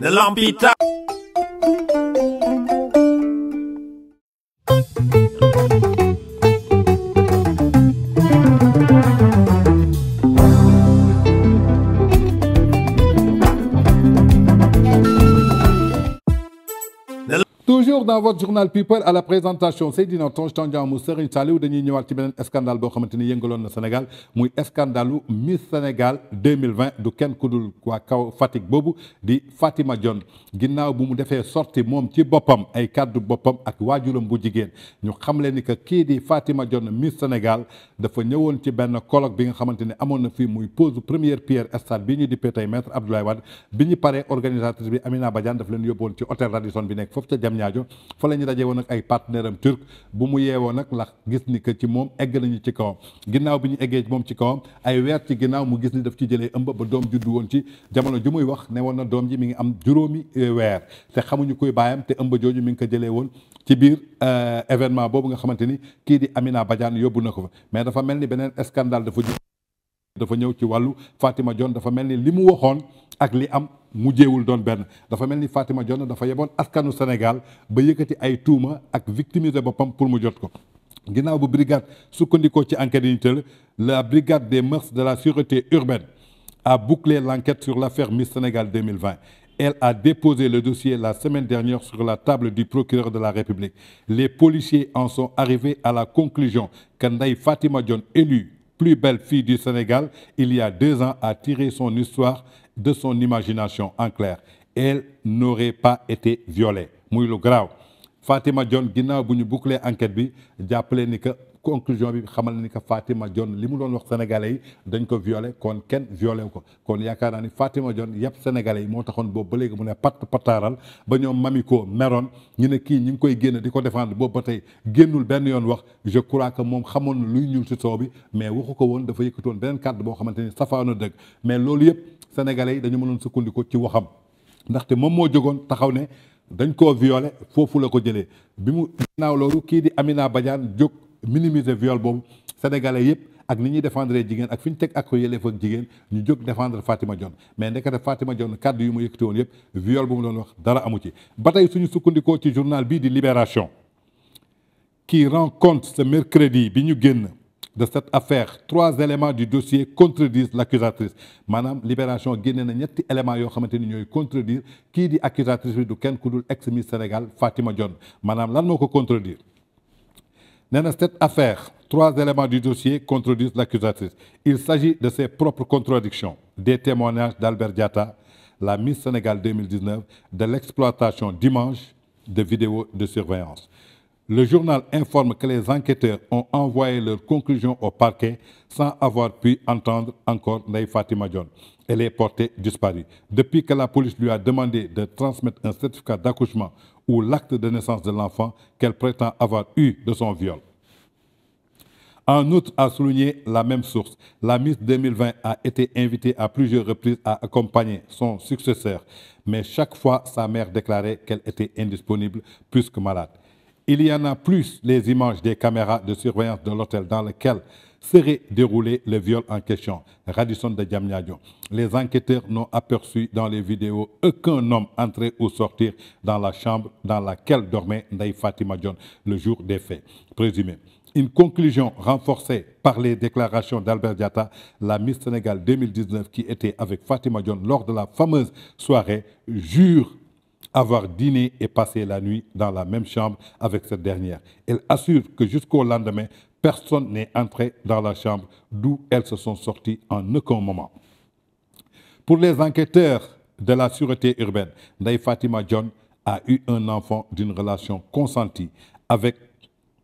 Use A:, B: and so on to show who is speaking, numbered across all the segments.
A: de Lampita. toujours dans votre journal people à la présentation c'est Seydina Tange Tandian une Saliou dañuy ñëwaat ci beneen scandale boo xamante ni yëngaloon na Sénégal muy scandale Miss Sénégal 2020 du kenn ku dul waa kaw bobu boobu di Fatima Dione ginnaaw bu mu defee sorti moom ci boppam ay kàddu bopam ak waajuram bu jigéen ñu xam leen que qui di Fatima john Miss Sénégal de ñëwoon ci benn colloque bi nga xamante ne amoon na fii pose première pierre stade bi ñu dippee pétain maître Abdoulaye Wade bi ñu paree organisatrice bi Amina Badiane de leen yóbboon ci hôtel Radisson bi nekk foofu rajo fa la ñu daje woon ak ay partenaire am turc bu mu yeewoo nag lax gis ni que ci moom egg nañu ci kawam ginnaaw bi ñu eggee moom ci kawam ay weer ci ginnaaw mu gis ni daf ci jëlee ëmba ba doom juddu woon ci jamono ju muy wax ne woon na doom ji mi ngi am juróomi eh, weer te xamuñu koy baayam te ëmba jooju mi ngi ko jëlee woon ci biir eh, événement boobu nga xamante ni kii di Amina Badiane yóbbu na ko fa mais dafa mel ni beneen scandale dafa jub dafa ñëw ci walu Fatima Dione dafa mel ni li mu ak li am mujjewul doon ben dafa mel ni Fatima Dione dafa yeboon askanu senegal ba yëkëti ay tuuma ak victimiser bopam pour mu jot ko ginnaaw bu brigade sukkandikoo ci enquête yi la brigade des mœurs de la sûreté urbaine a bouclé l'enquête sur l'affaire Miss Sénégal 2020 elle a déposé le dossier la semaine dernière sur la table du procureur de la République les policiers en sont arrivés à la conclusion que Fatima John, élue plus belle fille du Sénégal, il y a deux ans, a tiré son histoire de son imagination en clair. Elle n'aurait pas été violée. muy grave. Fatima John Guinée, bu ñu boucler enquête bi conclusion bi xamal ni ko Fatima Dione limu mu doon wax sénégalais yi dañ ko violer kon ken violer ko kon yakara ni Fatima Dione yeb sénégalais mo taxone taxoon boobu mu ne pat pataaral ba ñoom mamiko meroon ñu ne ki ñing koy génn diko défendre boobu ba tey génnul benn yoon wax je crois que mom xamone luy ñuul ci soow bi mais waxuko won dafa yëkëton benen kàddu bo xamanteni ni deug mais lolu yeb sénégalais dañu mënon mënoon sukkandiku ci waxam ndaxte mom mo jogon taxaw ne dañ ko violer fofu la ko jëlé bi mu ginnaaw loolu kii di Amina Badiane jóg minimiser viol boobu sénégalais yëpp ak ni ñi défendre jigen ak fi tek ak ko ak jigen ñu jog défendre Fatima Dione mais ndekete Fatima Dione cadre yu ma yëkkati won yëpp viol bu mu doon wax dara amu ci batay suñu sukkandikoo ci journal bi di Libération qui rend compte ce mercredi bi ñu génn de cette affaire trois éléments du dossier contredisent l'accusatrice manam libération génne na ñetti éléments yo xamanteni ñoy contredire qui di accusatrice du ken ku dul ex ministre Sénégal Fatima Dione manam lan moko contredire dans cette affaire, trois éléments du dossier contredisent l'accusatrice. Il s'agit de ses propres contradictions, des témoignages d'Albert Diatta, la Miss Sénégal 2019, de l'exploitation dimanche de vidéos de surveillance. Le journal informe que les enquêteurs ont envoyé leurs conclusions au parquet sans avoir pu entendre encore Ney Fatima John. Elle est portée disparue. Depuis que la police lui a demandé de transmettre un certificat d'accouchement ou l'acte de naissance de l'enfant qu'elle prétend avoir eu de son viol. En outre, a souligné la même source, la Miss 2020 a été invitée à plusieurs reprises à accompagner son successeur, mais chaque fois sa mère déclarait qu'elle était indisponible plus malade. Il y en a plus les images des caméras de surveillance de l'hôtel dans lequel serait déroulé le viol en question. Radisson de Les enquêteurs n'ont aperçu dans les vidéos aucun homme entrer ou sortir dans la chambre dans laquelle dormait Ndaï Fatima John le jour des faits présumés. Une conclusion renforcée par les déclarations d'Albert Diatta, la Miss Sénégal 2019 qui était avec Fatima John lors de la fameuse soirée, jure avoir dîné et passé la nuit dans la même chambre avec cette dernière. Elle assure que jusqu'au lendemain, personne n'est entré dans la chambre d'où elles se sont sorties en aucun moment. Pour les enquêteurs de la sûreté urbaine, Ndaï Fatima John a eu un enfant d'une relation consentie avec,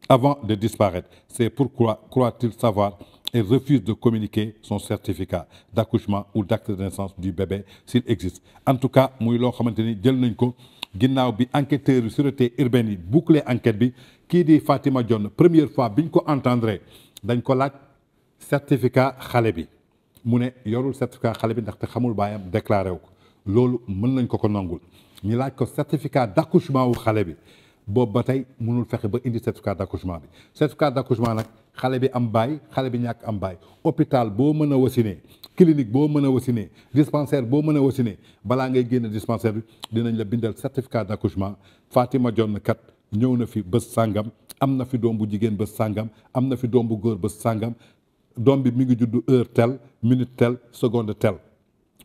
A: avant de disparaître. C'est pourquoi croit-il savoir et refuse de communiquer son certificat d'accouchement ou d'acte de naissance du bébé s'il existe en tout cas nous avons maintenu ni nañ ko enquêté bi enquêteur yu sûreté urbaine bouclé enquête bi dit Fatima John, première fois biñ ko entendre dañ ko certificat xale bi y yorul certificat xale bi de xamul déclaré wu ko loolu mën nañ ko ko nangul ñu certificat d'accouchement wu boobu ba tey mënul fexe ba indi certificat d'accouchement bi certificat d'accouchement nag xale bi am baay xale bi ñàkk am baay hôpital boo mën a wasinee clinique boo mën a wasinee dispensaire boo mën a wasinee balaa ngay génn dispensaire bi dinañ la bindal certificat d'accouchement Fatima Dione kat ñëw na fi bés sàngam am na fi doom bu jigéen bés sàngam am na fi doom bu góor bés sàngam doom bi mi ngi judd heure telle minute telle seconde tell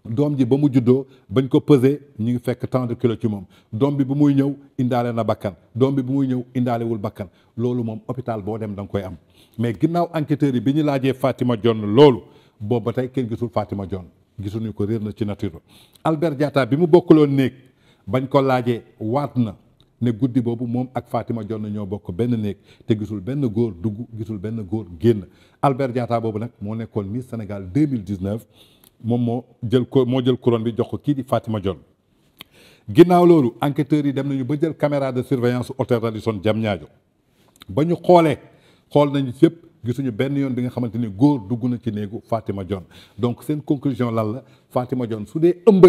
A: doom ji ba mu juddoo bañ ko pesé ñu ngi fekk tant de kilos ci moom doom bi bu muy ñëw indaale na bakkan doom bi bu muy ñëw indaalewul bakkan loolu moom hôpital boo dem da koy am mais ginnaaw enquêteurs yi bi ñu laajee Fatima Dione loolu boobu ba tey kenn gisul Fatima Dione gisuñu ko réer na ci nature Albert Diatta bi mu bokkaloon néeg bañ ko laajee waat na ne guddi boobu moom ak Fatima Dione ñoo bokk benn néeg te gisul benn góor dugg gisul benn góor génn Albert Diatta boobu nag moo nekkoon Miss Sénégal 2019 moom moo jël ko moo jël couronne bi jox ko kii di Fatima Dione ginnaaw loolu enquêteurs yi dem nañu ba jël caméra de surveillance hôtel Radisson Diamniadio ba ñu xoolee xool nañu yëpp gisuñu benn yoon bi nga xamante ni góor dugg na ci néegu Fatima Dione donc seen conclusion lan la Fatima Dione su dee ëmb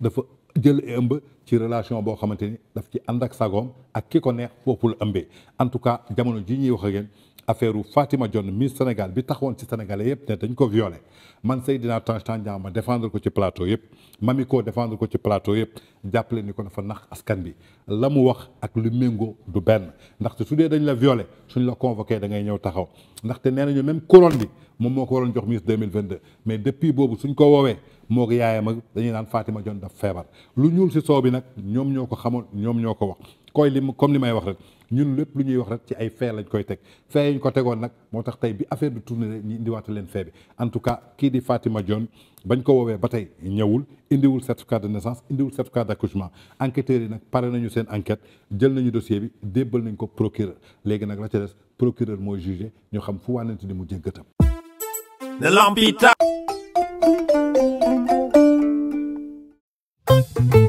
A: dafa jël ëmb ci relation boo xamante ni daf ci ànd ak sagoom ak ki ko neex foofu la ëmbee en tout cas jamono ji ñuy wax ak yéen affaire u Fatima Dione Miss Sénégal bi taxawoon ci Sénégalais yëpp ne dañ ko violé man Seydina Tange Tandian ma défendre ko ci plateau yëpp mami ko défendre ko ci plateau yëpp jàppale ni ko dafa nax askan bi la mu wax ak lu méngoo du benn ndaxte su dee dañ la violé suñ la convoqué da ngay ñëw taxaw ndaxte nee nañu même couronne bi moom moo ko waroon jox Miss 2022 mais depuis boobu suñ ko woowee moo ko yaayam ak dañuy naan Fatima Dione daf feebar lu ñuul si soow bi nak ñom ñoko xamul ñom ñoko wax koy lim comme limay wax rek ñun lépp lu ñuy wax rek ci ay fee lañ koy tek fee ñu ko tégon nak motax tay bi affaire du tourner ñi indi indiwaat leen fee bi en tout cas ki di Fatima Dione bañ ko wowe batay ñewul indi wul certificat de naissance indi wul certificat d'accouchement enquêteur yi nak pare nañu seen enquête jël nañu dossier bi débal nañ ko procureur légui nak la ci dess procureur moy juger ñu xam fu wànnante ni mu jëggatam de lampita thank you